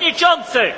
przewodniczący!